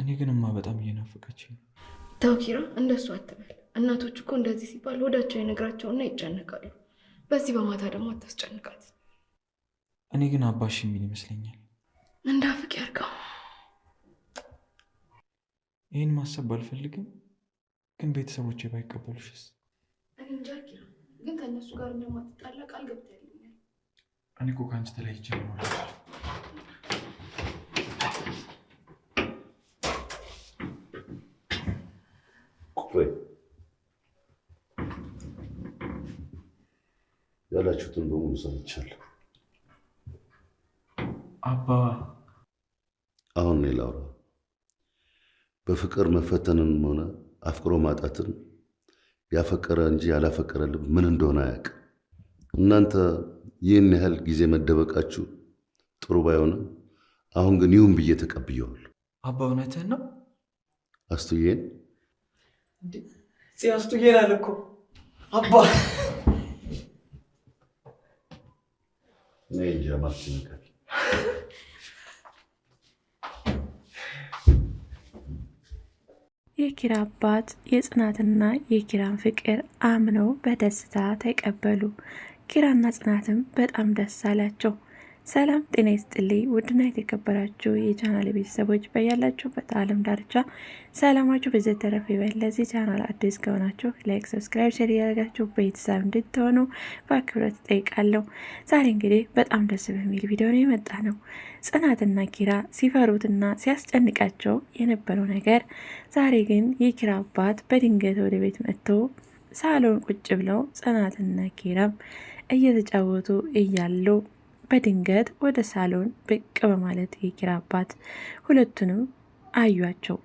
እኔ ግንማ በጣም እየናፈቀች ነው። ተው ኪራ፣ እንደሱ አትበል። እናቶች እኮ እንደዚህ ሲባል ወዳቸው ይነግራቸውና ይጨነቃሉ። በዚህ በማታ ደግሞ አታስጨንቃት። እኔ ግን አባሽ የሚል ይመስለኛል። እንዳፍቅ ያርገው። ይህን ማሰብ ባልፈልግም ግን ቤተሰቦቼ ባይቀበሉሽስ? እኔ እንጃ ኪራ፣ ግን ከእነሱ ጋር እንደማትጣላ ቃል ገብተህልኛል። እኔ እኮ ከአንቺ ተለይቼ ነው ያላችሁትን በሙሉ ሰምቻለሁ። አባ አሁን እኔ ላውራ። በፍቅር መፈተንን ሆነ አፍቅሮ ማጣትን ያፈቀረ እንጂ ያላፈቀረ ልብ ምን እንደሆነ አያውቅም። እናንተ ይህን ያህል ጊዜ መደበቃችሁ ጥሩ ባይሆንም አሁን ግን ይሁን ብዬ ተቀብየዋል። አባ እውነትህን ነው። አስቱዬን አስቱዬን አለ እኮ አባ እኔ እንጃ ማስጨነቅ የኪራ አባት የጽናትና የኪራን ፍቅር አምነው በደስታ ተቀበሉ። ኪራና ጽናትም በጣም ደስ አላቸው። ሰላም ጤና ይስጥልኝ። ውድና የተከበራችሁ የቻናል ቤተሰቦች በያላችሁበት ዓለም ዳርቻ ሰላማችሁ በዚህ ተረፍ ይበል። ለዚህ ቻናል አዲስ ከሆናችሁ ላይክ፣ ሰብስክራይብ፣ ሸር እያደረጋችሁ ቤተሰብ እንድትሆኑ በአክብሮት ጠይቃለሁ። ዛሬ እንግዲህ በጣም ደስ በሚል ቪዲዮ ነው የመጣ ነው። ጽናትና ኪራ ሲፈሩትና ሲያስጨንቃቸው የነበረው ነገር ዛሬ ግን የኪራ አባት በድንገት ወደ ቤት መጥቶ ሳሎን ቁጭ ብለው ጽናትና ኪራም እየተጫወቱ እያሉ በድንገት ወደ ሳሎን ብቅ በማለት የኪራ አባት ሁለቱንም አዩቸው።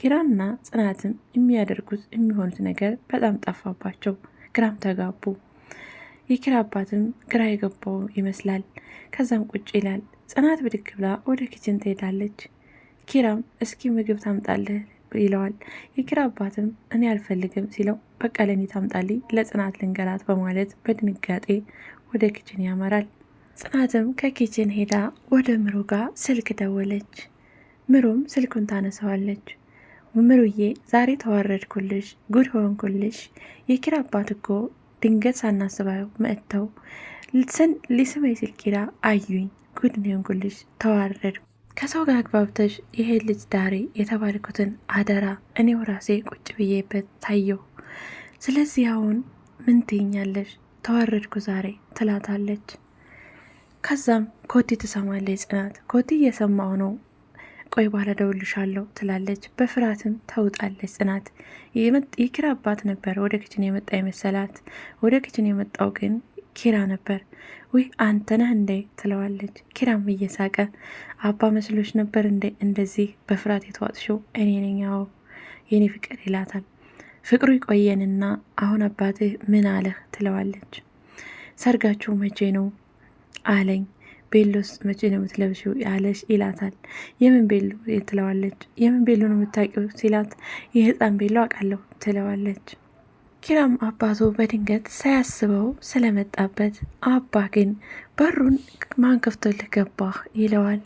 ኪራና ጽናትም የሚያደርጉት የሚሆኑት ነገር በጣም ጠፋባቸው፣ ግራም ተጋቡ። የኪራ አባትም ግራ የገባው ይመስላል። ከዛም ቁጭ ይላል። ጽናት ብድግ ብላ ወደ ኪችን ትሄዳለች። ኪራም እስኪ ምግብ ታምጣልህ ይለዋል። የኪራ አባትም እኔ አልፈልግም ሲለው በቀለኒ ታምጣልኝ ለጽናት ልንገራት በማለት በድንጋጤ ወደ ኪችን ያመራል። ጽናትም ከኪችን ሄዳ ወደ ምሩ ጋር ስልክ ደወለች። ምሩም ስልኩን ታነሳዋለች። ምሩዬ ዛሬ ተዋረድኩልሽ፣ ጉድ ሆንኩልሽ። የኪራ አባት እኮ ድንገት ሳናስባው መጥተው ስን ሊስመ ኪራ አዩኝ፣ ጉድ ሆንኩልሽ፣ ተዋረድ ከሰው ጋር አግባብተሽ ይሄ ልጅ ዳሬ የተባልኩትን አደራ እኔው ራሴ ቁጭ ብዬበት ታየሁ። ስለዚህ አሁን ምን ትይኛለሽ? ተዋረድኩ ዛሬ ትላታለች። ከዛም ኮቲ ትሰማለች ጽናት። ኮቲ እየሰማው ነው ቆይ በኋላ ደውልሻለሁ ትላለች። በፍርሃትም ተውጣለች ጽናት። የኪራ አባት ነበር ወደ ክችን የመጣ የመሰላት። ወደ ክችን የመጣው ግን ኪራ ነበር። ውይ አንተ ነህ እንዴ ትለዋለች። ኪራም እየሳቀ አባ መስሎች ነበር እንዴ እንደዚህ በፍርሃት የተዋጥሽው? እኔ ነኝ የኔ ፍቅር ይላታል። ፍቅሩ ይቆየንና አሁን አባትህ ምን አለህ ትለዋለች። ሰርጋችሁ መቼ ነው አለኝ። ቤሎስ መቼ ነው የምትለብሽው ያለሽ ይላታል። የምን ቤሎ ትለዋለች። የምን ቤሎ ነው የምታውቂው ሲላት የህፃን ቤሎ አውቃለሁ ትለዋለች። ኪራም አባቱ በድንገት ሳያስበው ስለመጣበት አባ ግን በሩን ማን ከፍቶልህ ገባህ ይለዋል።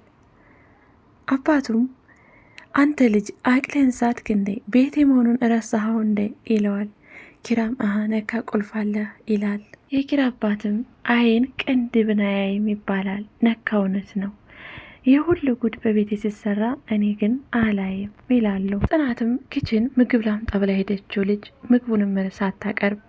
አባቱም አንተ ልጅ አቅልህን ሳትክ እንዴ? ቤቴ መሆኑን እረሳኸው እንዴ? ይለዋል። ኪራም አሀ ነካ አለ ይላል። የኪራ አባትም አይን ቅንድብን አያይም ይባላል። ነካ እውነት ነው። ይህ ሁሉ ጉድ በቤት ሲሰራ እኔ ግን አላይም ይላሉ። ጽናትም ክችን ምግብ ላምጣ ብላ ሄደችው ልጅ ምግቡንም ሳታቀርብ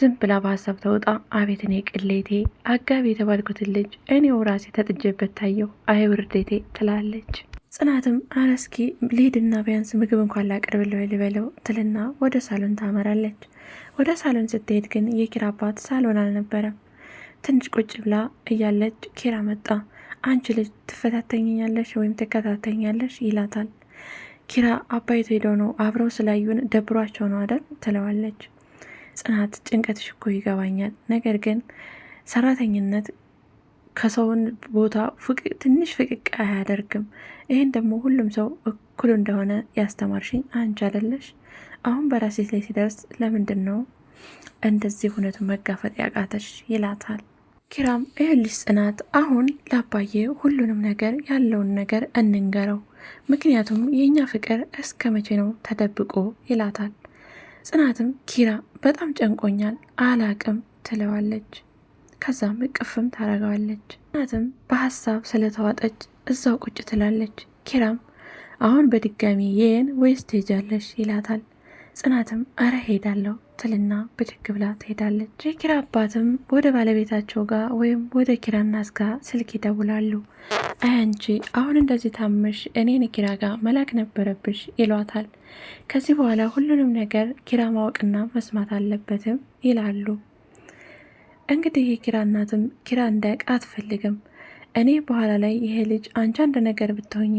ዝም ብላ በሀሳብ ተውጣ፣ አቤት እኔ ቅሌቴ አጋቢ የተባልኩትን ልጅ እኔው ራሴ ተጥጄበት ታየሁ፣ አይ ውርዴቴ ትላለች። ጽናትም አረስኪ እስኪ ልሂድና ቢያንስ ምግብ እንኳን ላቀርብለው ልበለው ትልና ወደ ሳሎን ታመራለች። ወደ ሳሎን ስትሄድ ግን የኪራ አባት ሳሎን አልነበረም። ትንሽ ቁጭ ብላ እያለች ኪራ መጣ። አንቺ ልጅ ትፈታተኛለሽ ወይም ትከታተኛለሽ ይላታል። ኪራ አባይቱ ሄደው ነው አብረው ስላዩን ደብሯቸው ነው አደር ትለዋለች። ጽናት ጭንቀትሽ እኮ ይገባኛል፣ ነገር ግን ሰራተኝነት ከሰውን ቦታ ትንሽ ፍቅቅ አያደርግም። ይህን ደግሞ ሁሉም ሰው እኩል እንደሆነ ያስተማርሽኝ አንቺ አይደለሽ? አሁን በራሴ ላይ ሲደርስ ለምንድን ነው እንደዚህ ሁነቱ መጋፈጥ ያቃተሽ? ይላታል። ኪራም ይህን ልጅ ጽናት፣ አሁን ለአባዬ ሁሉንም ነገር ያለውን ነገር እንንገረው፣ ምክንያቱም የእኛ ፍቅር እስከ መቼ ነው ተደብቆ? ይላታል። ጽናትም ኪራ፣ በጣም ጨንቆኛል፣ አላቅም ትለዋለች። ከዛም እቅፍም ታረገዋለች። እናትም በሀሳብ ስለተዋጠች እዛው ቁጭ ትላለች። ኪራም አሁን በድጋሚ የን ወይስ ትሄጃለሽ ይላታል። ጽናትም አረ ሄዳለሁ ትልና ብድግ ብላ ትሄዳለች። የኪራ አባትም ወደ ባለቤታቸው ጋር ወይም ወደ ኪራ እናት ጋር ስልክ ይደውላሉ። አይ አንቺ አሁን እንደዚህ ታመሽ እኔን ኪራ ጋር መላክ ነበረብሽ ይሏታል። ከዚህ በኋላ ሁሉንም ነገር ኪራ ማወቅና መስማት አለበትም ይላሉ። እንግዲህ የኪራ እናትም ኪራ እንዳያውቅ አትፈልግም። እኔ በኋላ ላይ ይሄ ልጅ አንቺ አንድ ነገር ብትሆኚ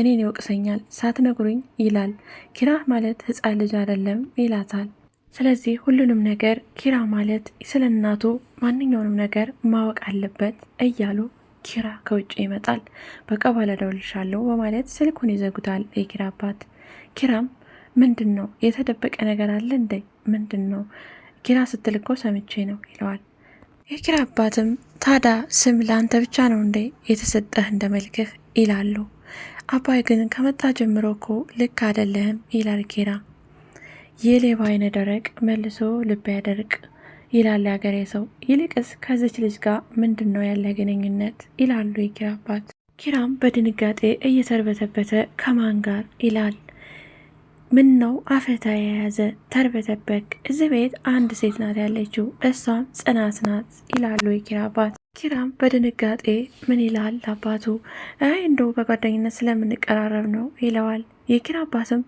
እኔን ይወቅሰኛል ሳትነግሩኝ ይላል። ኪራ ማለት ህፃን ልጅ አይደለም ይላታል። ስለዚህ ሁሉንም ነገር ኪራ ማለት ስለ እናቱ ማንኛውንም ነገር ማወቅ አለበት እያሉ ኪራ ከውጭ ይመጣል። በቃ በኋላ ደውልሻለሁ በማለት ስልኩን ይዘጉታል የኪራ አባት። ኪራም ምንድን ነው የተደበቀ ነገር አለ እንዴ? ምንድን ነው ኪራ ስትልኮ ሰምቼ ነው ይለዋል። የኪራ አባትም ታዳ ስም ለአንተ ብቻ ነው እንዴ የተሰጠህ እንደ መልክህ ይላሉ። አባይ ግን ከመጣ ጀምሮ እኮ ልክ አደለህም ይላል ኪራ። የሌባ አይነ ደረቅ መልሶ ልብ ያደርቅ ይላል ያገሬ ሰው። ይልቅስ ከዚች ልጅ ጋር ምንድን ነው ያለ ግንኙነት ይላሉ የኪራ አባት። ኪራም በድንጋጤ እየተርበተበተ ከማን ጋር ይላል። ምን ነው አፈታ የያዘ ተርበተበክ። እዚህ ቤት አንድ ሴት ናት ያለችው፣ እሷም ጽናት ናት ይላሉ የኪራ አባት። ኪራም በድንጋጤ ምን ይላል አባቱ። አይ እንደው በጓደኝነት ስለምንቀራረብ ነው ይለዋል። የኪራ አባትም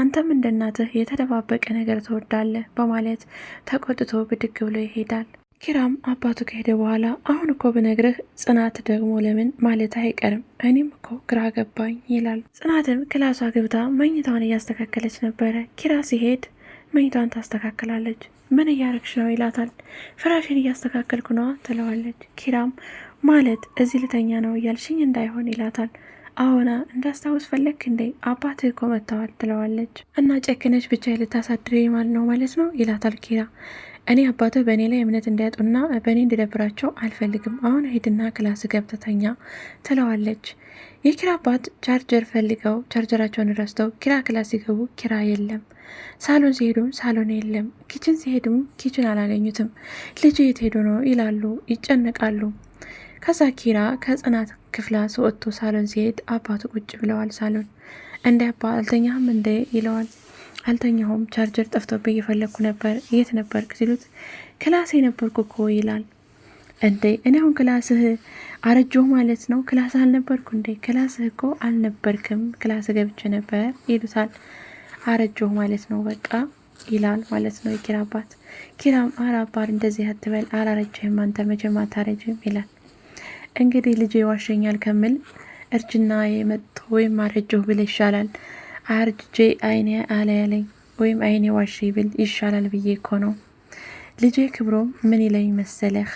አንተም እንደ እናትህ የተደባበቀ ነገር ትወዳለህ በማለት ተቆጥቶ ብድግ ብሎ ይሄዳል። ኪራም አባቱ ከሄደ በኋላ አሁን እኮ ብነግርህ ጽናት ደግሞ ለምን ማለት አይቀርም እኔም እኮ ግራ ገባኝ ይላል። ጽናትም ክላሷ ገብታ መኝታውን እያስተካከለች ነበረ። ኪራ ሲሄድ መኝታዋን ታስተካክላለች። ምን እያረግሽ ነው ይላታል። ፍራሽን እያስተካከልኩ ነዋ ትለዋለች። ኪራም ማለት እዚህ ልተኛ ነው እያልሽኝ እንዳይሆን ይላታል። አሁና እንዳስታውስ ፈለክ እንዴ አባትህ እኮ መጥተዋል ትለዋለች። እና ጨክነሽ ብቻ ልታሳድሬ ማለት ነው ማለት ነው ይላታል ኪራ እኔ አባቶ በእኔ ላይ እምነት እንዳያጡና በእኔ እንድደብራቸው አልፈልግም። አሁን ሂድና ክላስ ገብተተኛ ትለዋለች። የኪራ አባት ቻርጀር ፈልገው ቻርጀራቸውን ረስተው ኪራ ክላስ ሲገቡ ኪራ የለም። ሳሎን ሲሄዱም ሳሎን የለም። ኪችን ሲሄዱም ኪችን አላገኙትም። ልጅ የት ሄዱ ነው ይላሉ፣ ይጨነቃሉ። ከዛ ኪራ ከጽናት ክፍላ ወጥቶ ሳሎን ሲሄድ አባቱ ቁጭ ብለዋል። ሳሎን እንደ አባ አልተኛህም እንደ ይለዋል። አልተኛሁም፣ ቻርጀር ጠፍቶብኝ እየፈለግኩ ነበር። የት ነበርክ ሲሉት ክላስ የነበርኩ እኮ ይላል። እንዴ እኔ አሁን ክላስህ አረጀሁ ማለት ነው? ክላስ አልነበርኩ እንዴ? ክላስህ እኮ አልነበርክም፣ ክላስ ገብቼ ነበር ይሉታል። አረጀሁ ማለት ነው በቃ ይላል ማለት ነው የኪራ አባት። ኪራም አረ እንደዚህ አትበል፣ አላረጀህም አንተ መቼም አታረጅም ይላል። እንግዲህ ልጄ ዋሸኛል ከምል እርጅና የመጥቶ ወይም አረጀሁ ብል ይሻላል አርጅጄ አይኔ አለያለኝ ወይም አይኔ ዋሽ ብል ይሻላል ብዬ እኮ ነው። ልጄ ክብሮ ምን ይለኝ መሰለህ፣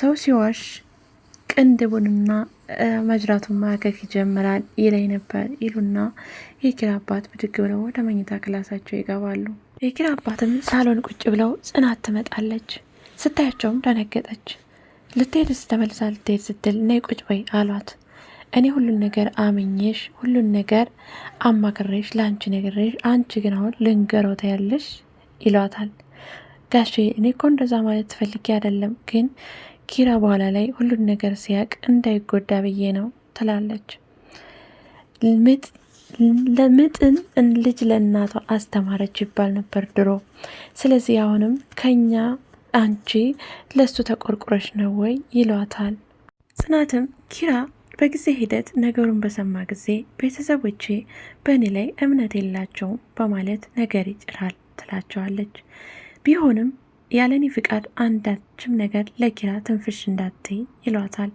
ሰው ሲዋሽ ቅንድቡንና መጅራቱን ማከክ ይጀምራል ይለኝ ነበር ይሉና የኪራ አባት ብድግ ብለው ወደ መኝታ ክላሳቸው ይገባሉ። የኪራ አባትም ሳሎን ቁጭ ብለው ጽናት ትመጣለች። ስታያቸውም ደነገጠች። ልትሄድ ስተመልሳ ልትሄድ ስትል ነይ ቁጭ በይ አሏት። እኔ ሁሉን ነገር አምኜሽ ሁሉን ነገር አማክሬሽ ለአንቺ ነግሬሽ፣ አንቺ ግን አሁን ልንገረው ታያለሽ ይሏታል። ጋሼ እኔ እኮ እንደዛ ማለት ትፈልጊ አይደለም፣ ግን ኪራ በኋላ ላይ ሁሉን ነገር ሲያቅ እንዳይጎዳ ብዬ ነው ትላለች። ለምጥን ልጅ ለእናቷ አስተማረች ይባል ነበር ድሮ። ስለዚህ አሁንም ከኛ አንቺ ለሱ ተቆርቁረሽ ነው ወይ ይሏታል። ጽናትም ኪራ በጊዜ ሂደት ነገሩን በሰማ ጊዜ ቤተሰቦቼ በእኔ ላይ እምነት የላቸውም በማለት ነገር ይጭራል ትላቸዋለች። ቢሆንም ያለኔ ፍቃድ አንዳችም ነገር ለኪራ ትንፍሽ እንዳትይ ይሏታል።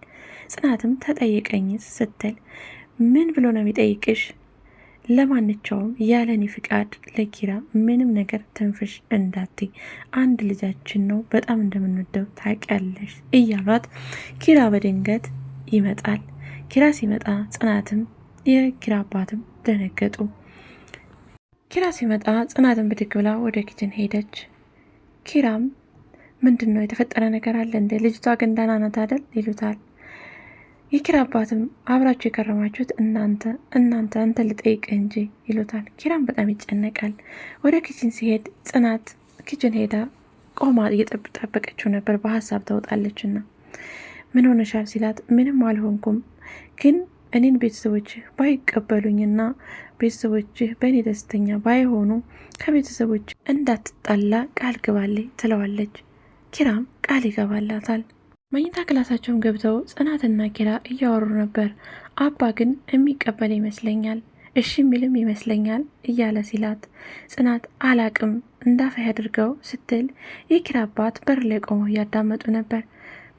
ጽናትም ተጠየቀኝ ስትል ምን ብሎ ነው የሚጠይቅሽ? ለማንቸውም ያለኔ ፍቃድ ለኪራ ምንም ነገር ትንፍሽ እንዳትይ፣ አንድ ልጃችን ነው በጣም እንደምንወደው ታውቂያለሽ እያሏት ኪራ በድንገት ይመጣል። ኪራ ሲመጣ ጽናትም የኪራ አባትም ደነገጡ። ኪራ ሲመጣ ጽናትን ብድግ ብላ ወደ ኪችን ሄደች። ኪራም ምንድን ነው የተፈጠረ ነገር አለ እንደ ልጅቷ ግን ደህና ናት አይደል ይሉታል። የኪራ አባትም አብራችሁ የከረማችሁት እናንተ እናንተ አንተ ልጠይቅ እንጂ ይሉታል። ኪራም በጣም ይጨነቃል። ወደ ኪችን ሲሄድ ጽናት ኪችን ሄዳ ቆማ እየጠበቀችው ነበር። በሀሳብ ተውጣለችና ምን ሆነሻል ሲላት ምንም አልሆንኩም ግን እኔን ቤተሰቦችህ ባይቀበሉኝና ቤተሰቦችህ በእኔ ደስተኛ ባይሆኑ ከቤተሰቦች እንዳትጣላ ቃል ግባልኝ ትለዋለች። ኪራም ቃል ይገባላታል። መኝታ ክላሳቸውን ገብተው ጽናትና ኪራ እያወሩ ነበር። አባ ግን የሚቀበል ይመስለኛል፣ እሺ የሚልም ይመስለኛል እያለ ሲላት ጽናት አላቅም እንዳፈ ያድርገው ስትል የኪራ አባት በር ላይ ቆመው እያዳመጡ ነበር።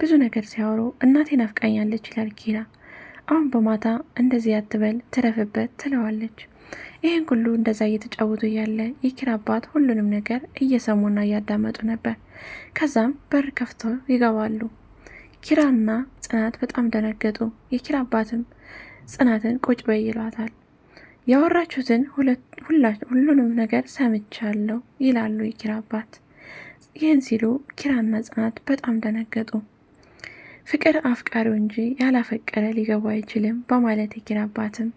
ብዙ ነገር ሲያወሩ እናቴ ናፍቃኛለች ይላል ኪራ። አሁን በማታ እንደዚህ አትበል ትረፍበት ትለዋለች። ይህን ሁሉ እንደዛ እየተጫወቱ እያለ የኪራ አባት ሁሉንም ነገር እየሰሙና እያዳመጡ ነበር። ከዛም በር ከፍቶ ይገባሉ። ኪራና ጽናት በጣም ደነገጡ። የኪራ አባትም ጽናትን ቁጭ በይ ይሏታል። ያወራችሁትን ሁሉንም ነገር ሰምቻለሁ ይላሉ የኪራ አባት። ይህን ሲሉ ኪራና ጽናት በጣም ደነገጡ። ፍቅር አፍቃሪው እንጂ ያላፈቀረ ሊገባ አይችልም በማለት የኪራ አባትም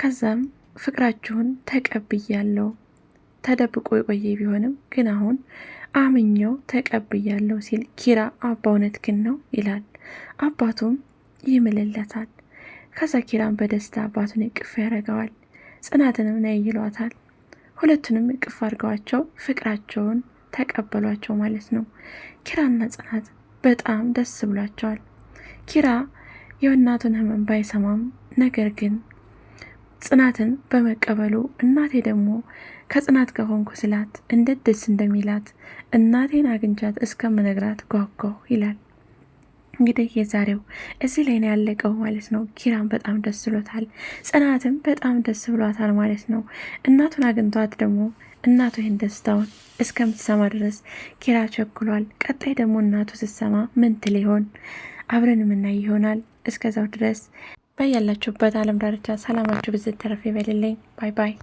ከዛም ፍቅራችሁን ተቀብያለሁ ተደብቆ የቆየ ቢሆንም ግን አሁን አምኜው ተቀብያለሁ ሲል ኪራ አባ እውነት ግን ነው ይላል። አባቱም ይምልለታል። ከዛ ኪራም በደስታ አባቱን እቅፍ ያደርገዋል። ጽናትንም ነይ ይሏታል። ሁለቱንም እቅፍ አድርገዋቸው ፍቅራቸውን ተቀበሏቸው ማለት ነው። ኪራና ጽናት በጣም ደስ ብሏቸዋል። ኪራ የእናቱን ህመም ባይሰማም ነገር ግን ጽናትን በመቀበሉ እናቴ ደግሞ ከጽናት ጋር ሆንኩ ስላት እንዴት ደስ እንደሚላት እናቴን አግኝቻት እስከምነግራት ጓጓሁ ይላል። እንግዲህ የዛሬው እዚህ ላይ ነው ያለቀው ማለት ነው። ኪራም በጣም ደስ ብሎታል፣ ጽናትም በጣም ደስ ብሏታል ማለት ነው። እናቱን አግኝቷት ደግሞ እናቱ ይህን ደስታውን እስከምትሰማ ድረስ ኪራ ቸኩሏል። ቀጣይ ደግሞ እናቱ ስትሰማ ምን ትል ይሆን? አብረን የምናይ ይሆናል። እስከዛው ድረስ በያላችሁበት ዓለም ዳርቻ ሰላማችሁ ብዝት ተረፍ ይበልልኝ። ባይ ባይ።